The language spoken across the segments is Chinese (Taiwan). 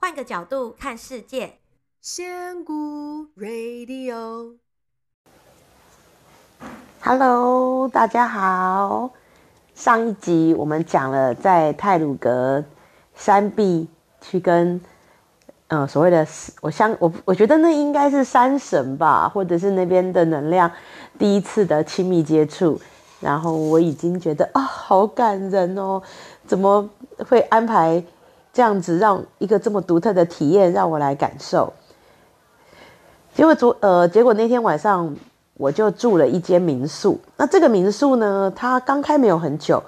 換個角度看世界，仙谷 Radio，Hello，大家好。上一集我們講了在太魯閣山壁去跟，呃，所謂的我想我我覺得那應該是山神吧，或者是那邊的能量第一次的親密接觸。然後我已經覺得啊、哦，好感人哦，怎麼會安排？這樣子讓一個這麼獨特的體驗讓我來感受，結果昨呃，結果那天晚上我就住了一間民宿。那這個民宿呢，它剛開沒有很久，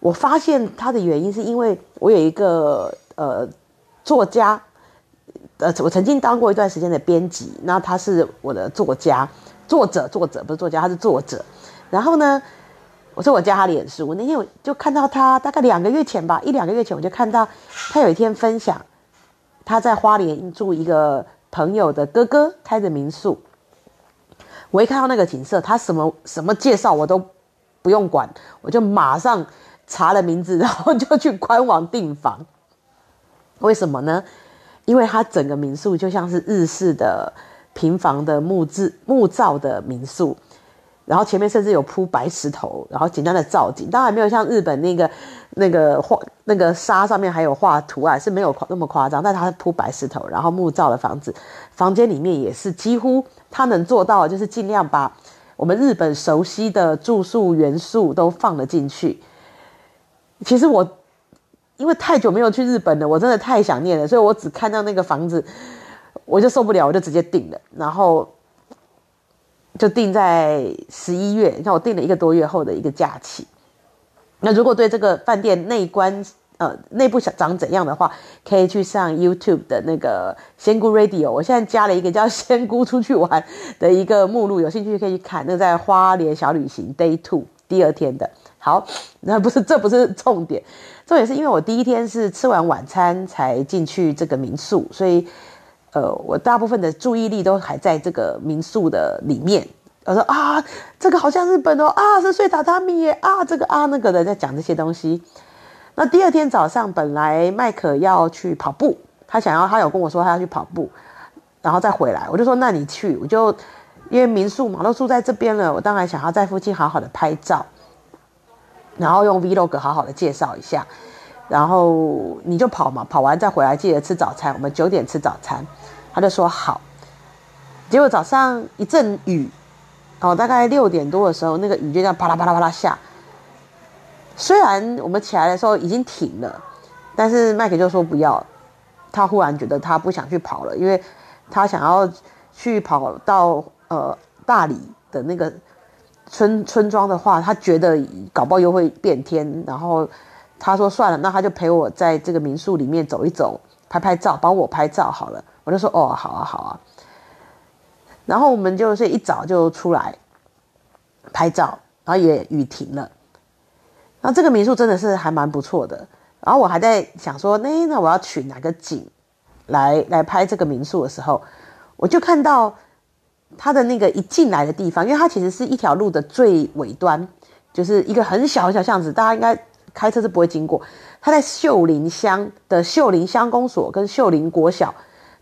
我發現它的原因是因為我有一個呃作家，呃，我曾經當過一段時間的編輯，那他是我的作家、作者、作者，不是作家，他是作者。然後呢，我說我加他臉書，我那天我就看到他大概兩個月前吧，一兩個月前我就看到他有一天分享，他在花蓮住一個朋友的哥哥開的民宿。我一看到那個景色，他什麼什麼介紹我都不用管，我就馬上查了名字，然後就去官網訂房。為什麼呢？因為他整個民宿就像是日式的平房的木製木造的民宿。然後前面甚至有鋪白石頭，然後簡單的造景，當然沒有像日本那個那個畫那個沙上面還有畫圖案，是沒有那麼誇張，但它是鋪白石頭，然後木造的房子，房間裡面也是幾乎它能做到的，就是盡量把我們日本熟悉的住宿元素都放了進去。其實我因為太久沒有去日本了，我真的太想念了，所以我只看到那個房子我就受不了，我就直接訂了，然後。就定在十一月，你看我定了一個多月後的一個假期。那如果對這個飯店內觀，呃，內部想長怎樣的話，可以去上 YouTube 的那個仙姑 Radio。我現在加了一個叫仙姑出去玩的一個目錄，有興趣可以去看。那個在花蓮小旅行 Day Two 第二天的。好，那不是，這不是重點，重點是因為我第一天是吃完晚餐才進去這個民宿，所以。呃，我大部分的注意力都還在這個民宿的裡面。我說啊，這個好像日本哦，啊是睡榻榻米耶，啊這個啊那個的在講這些東西。那第二天早上，本來麥克要去跑步，他想要他有跟我說他要去跑步，然後再回來。我就說那你去，我就因為民宿嘛都住在這邊了，我當然想要在附近好好的拍照，然後用 vlog 好好的介紹一下，然後你就跑嘛，跑完再回來，記得吃早餐，我們九點吃早餐。他就說好，結果早上一陣雨，哦，大概六點多的時候，那個雨就這樣啪啦啪啦啪啦下。雖然我們起來的時候已經停了，但是麥克就說不要，他忽然覺得他不想去跑了，因為他想要去跑到呃大理的那個村村莊的話，他覺得搞不好又會變天。然後他說算了，那他就陪我在這個民宿裡面走一走，拍拍照，幫我拍照好了。我就說哦，好啊，好啊。然後我們就是一早就出來拍照，然後也雨停了。那這個民宿真的是還蠻不錯的。然後我還在想說，那我要取哪個景來來拍這個民宿的時候，我就看到它的那個一進來的地方，因為它其實是一條路的最尾端，就是一個很小很小巷子，大家應該開車是不會經過。它在秀林鄉的秀林鄉公所跟秀林國小。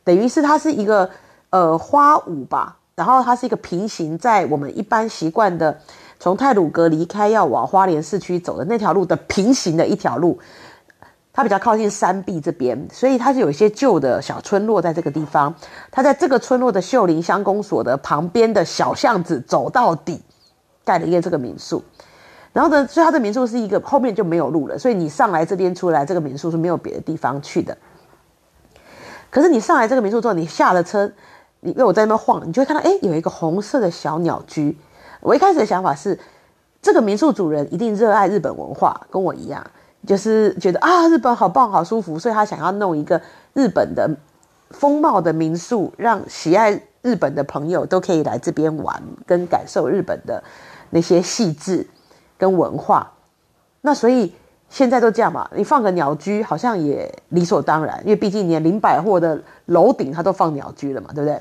等於是它是一個，呃，花舞吧，然後它是一個平行在我們一般習慣的從太魯閣離開要往花蓮市區走的那條路的平行的一條路，它比較靠近山壁這邊，所以它是有一些舊的小村落在這個地方，它在這個村落的秀林鄉公所的旁邊的小巷子走到底，蓋了一個這個民宿，然後呢，所以它的民宿是一個後面就沒有路了，所以你上來這邊出來這個民宿是沒有別的地方去的。可是你上來這個民宿之後，你下了車，你跟我在那邊晃，你就會看到，哎，有一個紅色的小鳥居。我一開始的想法是，這個民宿主人一定熱愛日本文化，跟我一樣，就是覺得啊，日本好棒，好舒服，所以他想要弄一個日本的風貌的民宿，讓喜愛日本的朋友都可以來這邊玩，跟感受日本的那些細緻跟文化。那所以。現在都這樣嘛，你放個鳥居好像也理所當然，因為畢竟連林百貨的樓頂它都放鳥居了嘛，對不對？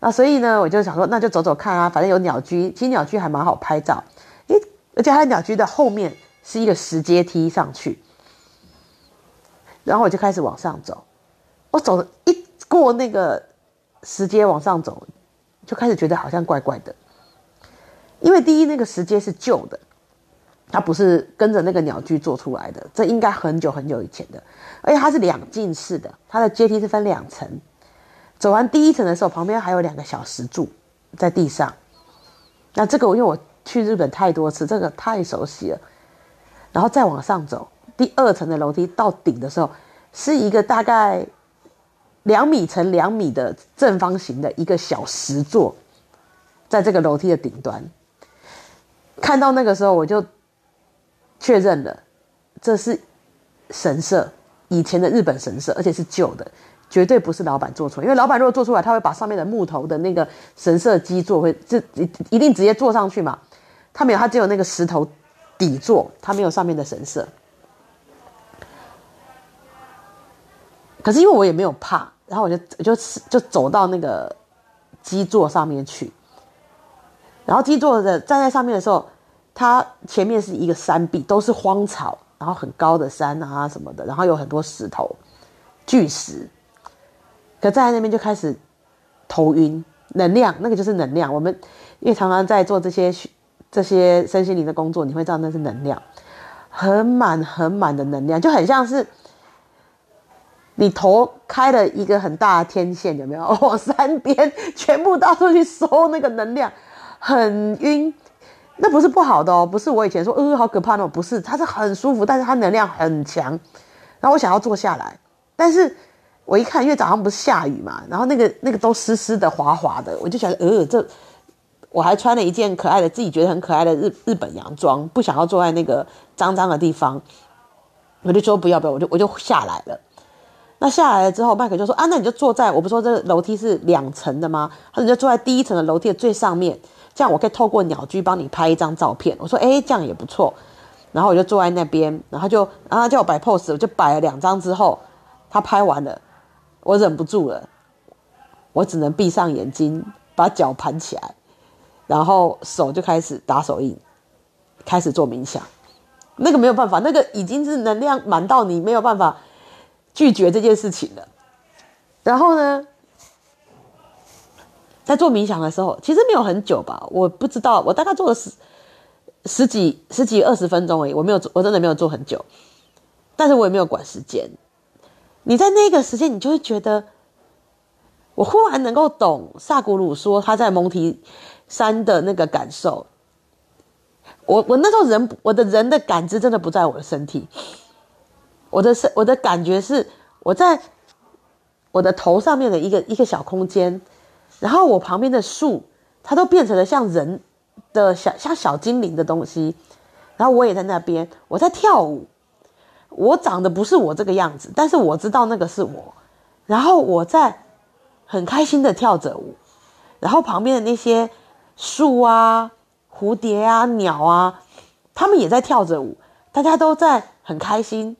那所以呢，我就想說，那就走走看啊，反正有鳥居，其實鳥居還蠻好拍照。哎，而且它鳥居的後面是一個石階梯上去，然後我就開始往上走。我走了一過那個石階往上走，就開始覺得好像怪怪的，因為第一那個石階是舊的。它不是跟着那個鳥居做出來的，這應該很久很久以前的，而且它是兩進式的，它的階梯是分兩層，走完第一層的時候，旁邊還有兩個小石柱在地上，那這個我因為我去日本太多次，這個太熟悉了，然後再往上走，第二層的樓梯到頂的時候，是一個大概兩米乘兩米的正方形的一個小石座，在這個樓梯的頂端，看到那個時候我就。確認了，這是神社，以前的日本神社，而且是舊的，絕對不是老闆做出來，因為老闆如果做出來，他會把上面的木頭的那個神社基座會，這一一定直接坐上去嘛。他沒有，他只有那個石頭底座，他沒有上面的神社。可是因為我也沒有怕，然後我就就就走到那個基座上面去，然後基座的站在上面的時候。它前面是一個山壁，都是荒草，然後很高的山啊什麼的，然後有很多石頭、巨石。可站在那邊就開始頭暈，能量，那個就是能量。我們因為常常在做這些、這些身心靈的工作，你會知道那是能量，很滿很滿的能量，就很像是你頭開了一個很大的天線，有沒有？往山邊全部到處去收那個能量，很暈。那不是不好的哦，不是我以前說，呃、嗯，好可怕哦。不是，它是很舒服，但是它能量很強。然後我想要坐下來，但是我一看，因為早上不是下雨嘛，然後那個那個都濕濕的、滑滑的，我就想，呃，這我還穿了一件可愛的，自己覺得很可愛的日日本洋裝，不想要坐在那個髒髒的地方，我就說不要不要，我就我就下來了。那下來了之後，麥克就說，啊，那你就坐在，我不說這樓梯是兩層的嗎？他說、啊、你就坐在第一層的樓梯的最上面。像我可以透過鳥居幫你拍一張照片，我說哎、欸，這樣也不錯。然後我就坐在那邊，然後就，然後他叫我擺 pose，我就擺了兩張之後，他拍完了，我忍不住了，我只能閉上眼睛，把腳盤起來，然後手就開始打手印，開始做冥想。那個沒有辦法，那個已經是能量滿到你沒有辦法拒絕這件事情了。然後呢？在做冥想的時候，其實沒有很久吧，我不知道，我大概做了十十幾十幾二十分鐘而已。我沒有，我真的沒有做很久，但是我也沒有管時間。你在那個時間，你就會覺得，我忽然能夠懂薩古魯說他在蒙提山的那個感受。我我那時候人我的人的感知真的不在我的身體，我的身我的感覺是我在我的頭上面的一個一個小空間。然後我旁邊的樹，它都變成了像人的小像小精靈的東西。然後我也在那邊，我在跳舞。我長得不是我這個樣子，但是我知道那個是我。然後我在很開心的跳着舞。然後旁邊的那些樹啊、蝴蝶啊、鳥啊，它們也在跳着舞，大家都在很開心。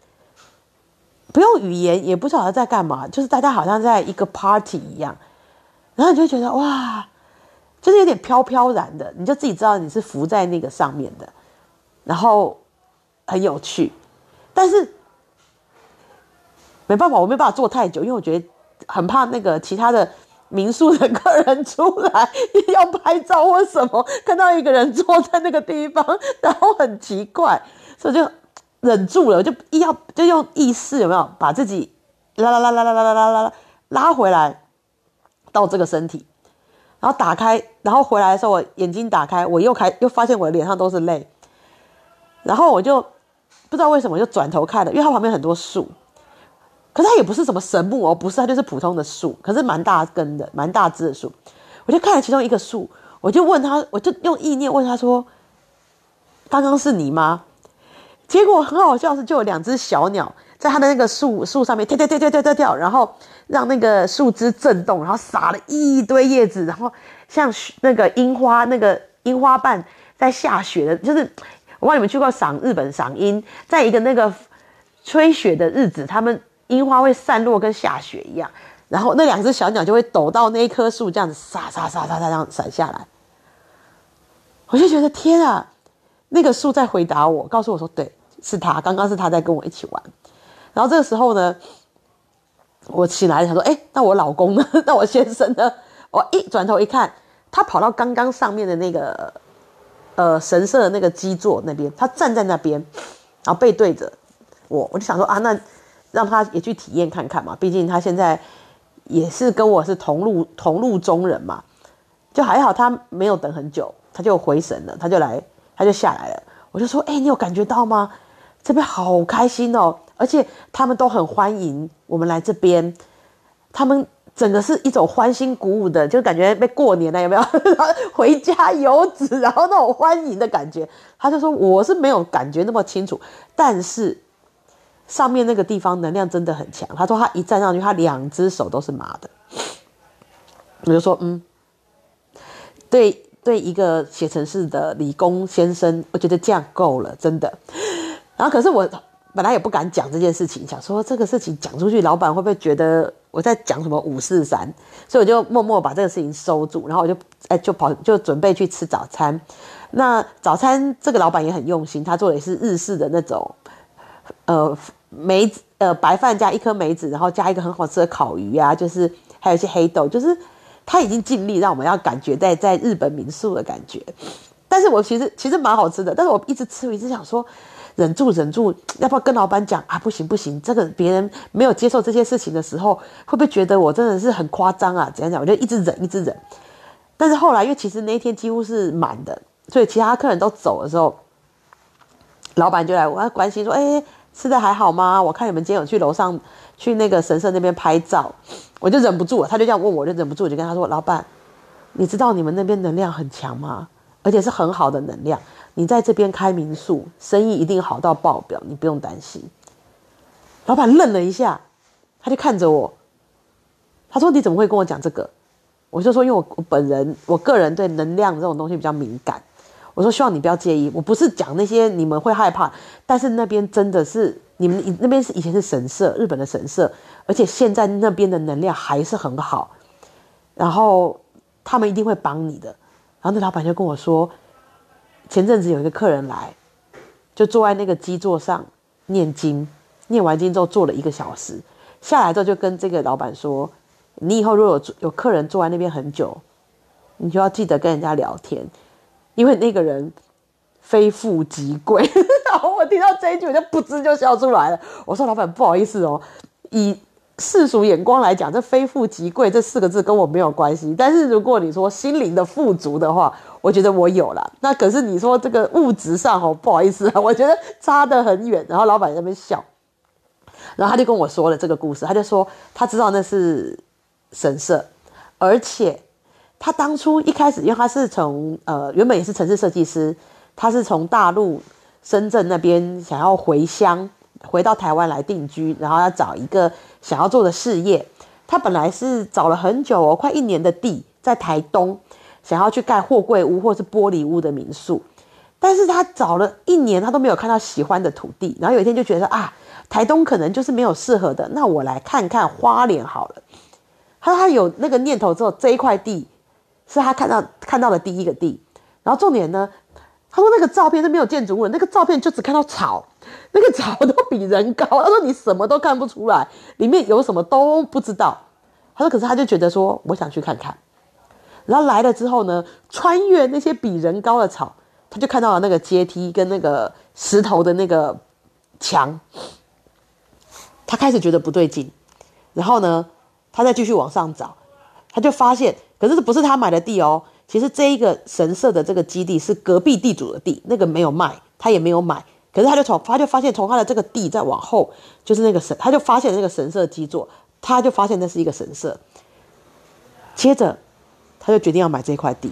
不用語言，也不知道他在幹嘛，就是大家好像在一個 party 一樣。然後你就覺得哇，就是有點飄飄然的，你就自己知道你是浮在那個上面的，然後很有趣，但是沒辦法，我沒辦法坐太久，因為我覺得很怕那個其他的民宿的客人出來要拍照或什麼，看到一個人坐在那個地方，然後很奇怪，所以就忍住了，我就一要就用意識有沒有把自己拉拉拉拉拉拉拉拉拉回來。到這個身體，然後打開，然後回來的時候，我眼睛打開，我又開又發現我臉上都是淚，然後我就不知道為什麼我就轉頭看了，因為它旁邊很多樹，可是它也不是什麼神木哦，不是，它就是普通的樹，可是蠻大根的，蠻大只的樹，我就看了其中一個樹，我就問他，我就用意念問他說：“剛剛是你嗎？”結果很好笑的是，就有兩只小鳥。在他的那個樹樹上面跳跳跳跳跳跳，然後讓那個樹枝震動，然後撒了一堆葉子，然後像那個櫻花，那個櫻花瓣在下雪的，就是我幫你們去過賞日本賞櫻，在一個那個吹雪的日子，他們櫻花會散落跟下雪一樣，然後那兩只小鳥就會抖到那一棵樹，這樣子撒撒撒撒撒這樣散下來，我就覺得天啊，那個樹在回答我，告訴我說對，是它，剛剛是它在跟我一起玩。然後這個時候呢，我起來了想說，哎、欸，那我老公呢？那我先生呢？我一轉頭一看，他跑到剛剛上面的那個呃神社的那個基座那邊，他站在那邊，然後背對着我。我就想說啊，那讓他也去體驗看看嘛，畢竟他現在也是跟我是同路同路中人嘛。就還好，他沒有等很久，他就回神了，他就來，他就下來了。我就說，哎、欸，你有感覺到嗎？這邊好開心哦。而且他們都很歡迎我們來這邊，他們整個是一種歡欣鼓舞的，就感覺被過年了，有沒有？ 回家遊子，然後那種歡迎的感覺。他就說：“我是沒有感覺那麼清楚，但是上面那個地方能量真的很強。”他說：“他一站上去，他兩隻手都是麻的。”我就說：“嗯，對對，一個寫程式的理工先生，我覺得這樣夠了，真的。”然後可是我。本來也不敢講這件事情，想說這個事情講出去，老闆會不會覺得我在講什麼五四三？所以我就默默把這個事情收住，然後我就欸就跑就準備去吃早餐。那早餐這個老闆也很用心，他做的也是日式的那種，呃梅子呃白飯加一顆梅子，然後加一個很好吃的烤魚啊，就是還有一些黑豆，就是他已經盡力讓我們要感覺在在日本民宿的感覺。但是我其實其實蠻好吃的，但是我一直吃，我一直想說。忍住，忍住，要不要跟老闆講啊？不行，不行，這個別人沒有接受這些事情的時候，會不會覺得我真的是很誇張啊？怎樣講？我就一直忍，一直忍。但是後來，因為其實那一天幾乎是滿的，所以其他客人都走的時候，老闆就來我關心說：“哎，吃的還好嗎？我看你們今天有去樓上去那個神社那邊拍照。”我就忍不住了，他就這樣問我，我就忍不住我就跟他說：“老闆，你知道你們那邊能量很強嗎？而且是很好的能量。”你在這邊開民宿，生意一定好到爆表，你不用擔心。老闆愣了一下，他就看着我，他說：“你怎麼會跟我講這個？”我就說：“因為我本人，我個人對能量這種東西比較敏感。”我說：“希望你不要介意，我不是講那些你們會害怕，但是那邊真的是你們那邊是以前是神社，日本的神社，而且現在那邊的能量還是很好，然後他們一定會幫你的。”然後那老闆就跟我說，前陣子有一個客人來，就坐在那個基座上念經，念完經之後坐了一個小時，下來之後就跟這個老闆說：“你以後如果有，有客人坐在那邊很久，你就要記得跟人家聊天，因為那個人非富即貴。 ”然後我聽到這一句我就噗嗤就笑出來了。我說：“老闆，不好意思哦，一。”世俗眼光來講，這非富即貴這四個字跟我沒有關係。但是如果你說心靈的富足的話，我覺得我有了。那可是你說這個物質上哦，不好意思，我覺得差得很遠。然後老闆在那邊笑，然後他就跟我說了這個故事。他就說，他知道那是神社，而且他當初一開始，因為他是從呃，原本也是城市設計師，他是從大陸深圳那邊想要回鄉，回到台灣來定居，然後要找一個。想要做的事業，他本來是找了很久哦，快一年的地在台東，想要去蓋貨櫃屋或是玻璃屋的民宿，但是他找了一年，他都沒有看到喜歡的土地。然後有一天就覺得說啊，台東可能就是沒有適合的，那我來看看花蓮好了。他說他有那個念頭之後，這一塊地是他看到看到的第一個地。然後重點呢，他說那個照片是沒有建築物，那個照片就只看到草。那個草都比人高，他說你什麼都看不出來，裡面有什麼都不知道。他說，可是他就覺得說，我想去看看。然後來了之後呢，穿越那些比人高的草，他就看到了那個階梯跟那個石頭的那個牆。他開始覺得不對勁，然後呢，他再繼續往上找，他就發現，可是這不是他買的地哦，其實這一個神社的這個基地是隔壁地主的地，那個沒有賣，他也沒有買。可是他就從，他就發現從他的這個地再往後，就是那個神，他就發現那個神社基座，他就發現那是一個神社。接着，他就決定要買這塊地，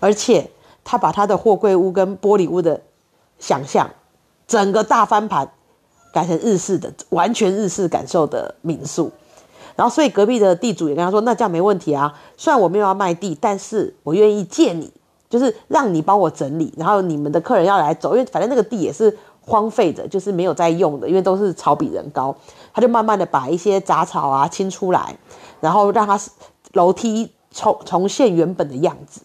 而且他把他的貨櫃屋跟玻璃屋的想象，整個大翻盤，改成日式的完全日式感受的民宿。然後，所以隔壁的地主也跟他說，那這樣沒問題啊，雖然我沒有要賣地，但是我願意借你。就是讓你幫我整理，然後你們的客人要來走，因為反正那個地也是荒廢的，就是沒有在用的，因為都是草比人高，他就慢慢的把一些雜草啊清出來，然後讓他樓梯重重現原本的樣子，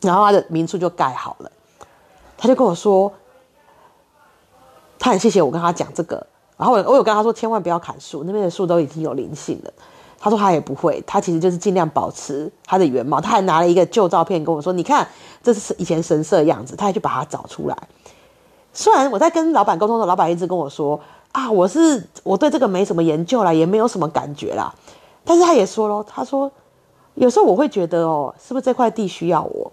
然後他的民宿就蓋好了。他就跟我說，他很謝謝我跟他講這個，然後我我有跟他說千萬不要砍樹，那邊的樹都已經有靈性了。他說他也不會，他其實就是盡量保持他的原貌。他還拿了一個舊照片跟我說：“你看，這是以前神社的樣子。”他還去把它找出來。雖然我在跟老板溝通的時候，老板一直跟我說：“啊，我是我對這個沒什麼研究啦，也沒有什麼感覺啦。”但是他也說了：“他說，有時候我會覺得哦，喔，是不是這塊地需要我？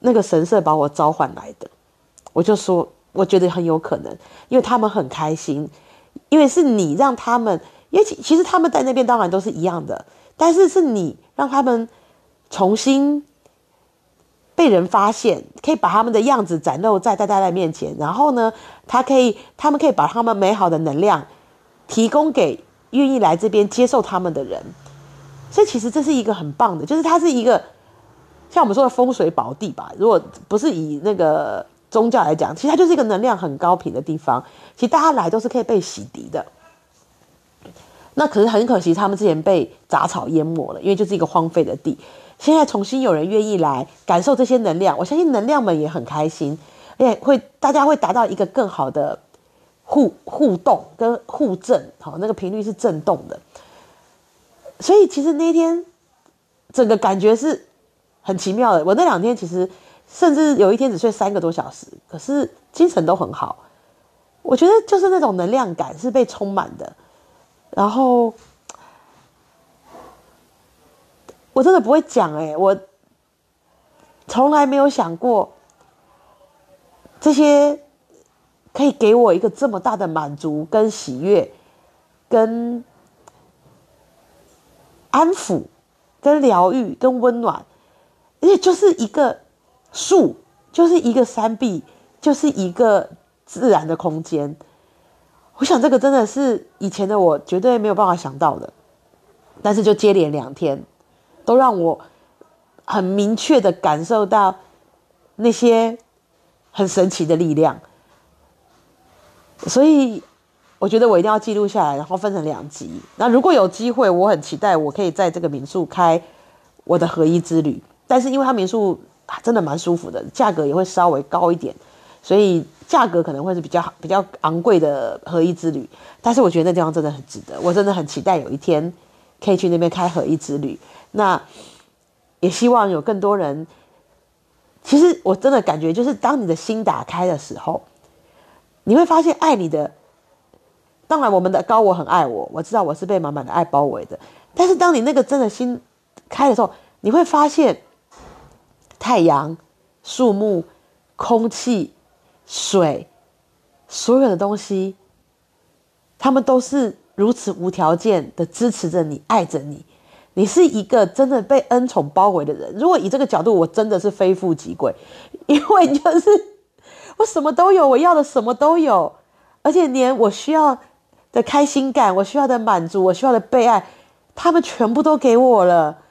那個神社把我召喚來的。”我就說：“我覺得很有可能，因為他們很開心，因為是你讓他們。”也許其實他們在那邊當然都是一樣的，但是是你讓他們重新被人發現，可以把他們的樣子展露在在大家的面前，然後呢，他可以他們可以把他們美好的能量提供給願意來這邊接受他們的人，所以其實這是一個很棒的，就是它是一個像我們說的風水寶地吧，如果不是以那個宗教來講，其實它就是一個能量很高頻的地方，其實大家來都是可以被洗滌的。那可是很可惜，他們之前被雜草淹沒了，因為就是一個荒廢的地。現在重新有人願意來感受這些能量，我相信能量們也很開心，也會大家會達到一個更好的互互動跟互震，好，那個頻率是震動的。所以其實那一天整個感覺是很奇妙的。我那兩天其實甚至有一天只睡三個多小時，可是精神都很好。我覺得就是那種能量感是被充滿的。然後，我真的不會講哎、欸，我從來沒有想過，這些可以給我一個這麼大的滿足、跟喜悅、跟安撫、跟療癒、跟溫暖，而且就是一個樹，就是一個山壁，就是一個自然的空間。我想這個真的是以前的我絕對沒有辦法想到的，但是就接連兩天，都讓我很明確的感受到那些很神奇的力量，所以我覺得我一定要記錄下來，然後分成兩集。那如果有機會，我很期待我可以在這個民宿開我的合一之旅。但是因為它民宿真的蠻舒服的，價格也會稍微高一點，所以。價格可能會是比較比較昂貴的合一之旅，但是我覺得那地方真的很值得，我真的很期待有一天可以去那邊開合一之旅。那也希望有更多人，其實我真的感覺，就是當你的心打開的時候，你會發現愛你的。當然，我們的高我很愛我，我知道我是被滿滿的愛包圍的。但是當你那個真的心開的時候，你會發現太陽、樹木、空氣。水，所有的東西，他們都是如此無條件的支持着你，愛着你。你是一個真的被恩寵包圍的人。如果以這個角度，我真的是非富即貴，因為就是我什麼都有，我要的什麼都有，而且連我需要的開心感，我需要的滿足，我需要的被愛，他們全部都給我了。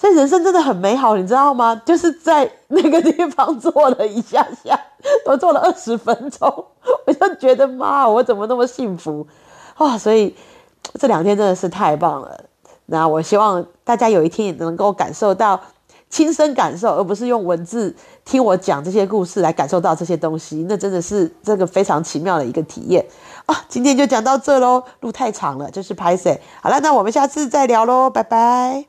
所以人生真的很美好，你知道嗎？就是在那個地方坐了一下下，我坐了二十分鐘，我就覺得媽，我怎麼那麼幸福啊、哦！所以這兩天真的是太棒了。那我希望大家有一天也能夠感受到，親身感受，而不是用文字聽我講這些故事來感受到這些東西，那真的是這個非常奇妙的一個體驗啊、哦！今天就講到這嘍，路太長了，就是拍謝。好了，那我們下次再聊嘍，拜拜。